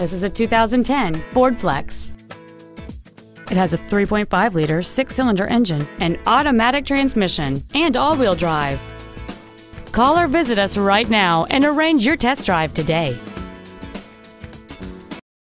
This is a 2010 Ford Flex. It has a 3.5 liter six cylinder engine, an automatic transmission, and all wheel drive. Call or visit us right now and arrange your test drive today.